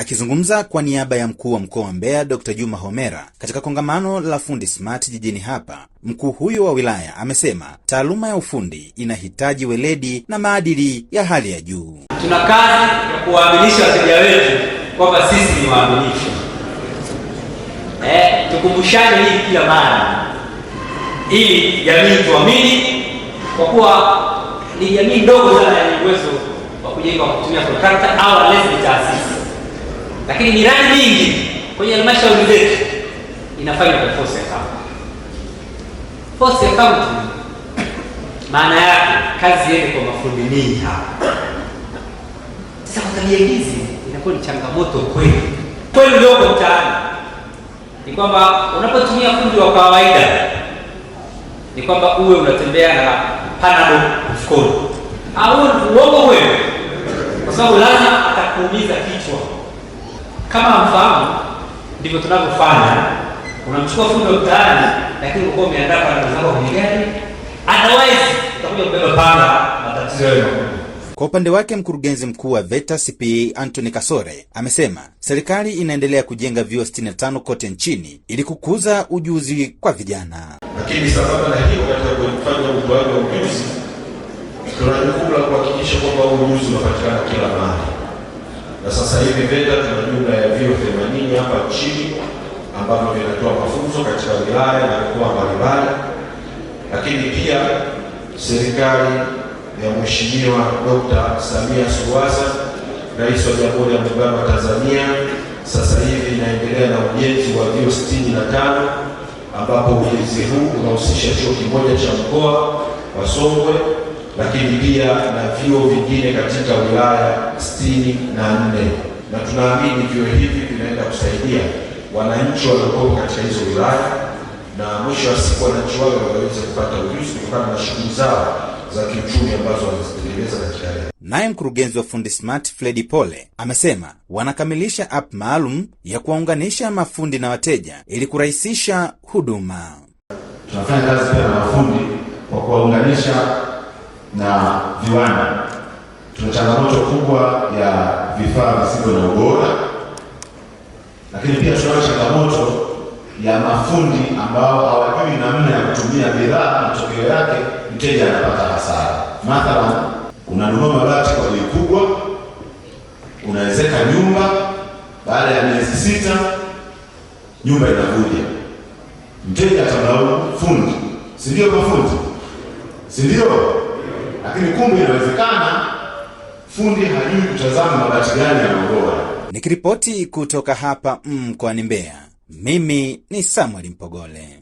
Akizungumza kwa niaba ya mkuu wa mkoa wa Mbeya Dr. Juma Homera katika kongamano la Fundi Smart jijini hapa, mkuu huyo wa wilaya amesema taaluma ya ufundi inahitaji weledi na maadili ya hali ya juu. Tuna kazi ya kuwaaminisha wateja wetu kwamba sisi ni waaminifu. Eh, tukumbushane hii kila mara ili jamii tuamini, kwa kuwa ni jamii ndogo sana yenye uwezo wa kujenga kwa kutumia kontrakta au alezi taasisi lakini miradi mingi kwenye halmashauri zetu inafanywa kwa force account. Force account maana yake kazi yenu kwa mafundi mingi hapa. Sasa kwa tabia hizi inakuwa ni changamoto kweli kweli ulioko mtaani, ni kwamba unapotumia fundi wa kawaida ni kwamba uwe unatembea na panado mfukoni au uongo wewe, kwa sababu lazima atakuumiza kichwa kama mfahamu ndivyo tunavyofanya. Unamchukua fundi wa mtaani, lakini uko umeandaa pande zako kwenye gari, otherwise utakuja kubeba panga, matatizo yenu. Kwa upande wake mkurugenzi mkuu wa VETA CPA e, Anthony Kasore amesema serikali inaendelea kujenga vyuo 65 kote nchini ili kukuza ujuzi kwa vijana. Lakini sababa na hiyo, katika kufanya ukuaji wa ujuzi, tuna jukumu la kuhakikisha kwamba ujuzi unapatikana kila mahali na sasa hivi VETA tuna jumla ya vyuo 80 hapa nchini ambavyo vinatoa mafunzo katika wilaya na mikoa mbalimbali, lakini pia serikali ya Mheshimiwa Dkt. Samia Suluhu Hassan, Rais wa Jamhuri ya Muungano wa Tanzania, sasa hivi inaendelea na ujenzi wa vyuo 65 ambapo ujenzi huu unahusisha chuo kimoja cha mkoa wa Songwe lakini pia na vyuo vingine katika wilaya sitini na nne na tunaamini vyuo hivi vinaenda kusaidia wananchi waliokuwa katika hizo wilaya, na mwisho wa siku wananchi wale wanaweza kupata ujuzi kutokana na shughuli zao za kiuchumi ambazo wanazitekeleza katika yale. Naye mkurugenzi wa Fundi Smart Fredi Pole amesema wanakamilisha ap maalum ya kuwaunganisha mafundi na wateja ili kurahisisha huduma. Tunafanya kazi pia na mafundi kwa kuwaunganisha na viwanda. Tuna changamoto kubwa ya vifaa visivyo na ubora, lakini pia tuna changamoto ya mafundi ambao hawajui namna ya kutumia bidhaa, matokeo yake mteja anapata hasara. Mathalan, unanunua mabati kwa bei kubwa, unawezeka nyumba, baada ya miezi sita nyumba inakuja, mteja atamlaumu fundi, si ndio? Mafundi si ndio? lakini kumbe inawezekana fundi hajui kutazama mabati gani ya Nikiripoti kutoka hapa mkoani mm, Mbeya, mimi ni Samwel Mpogole.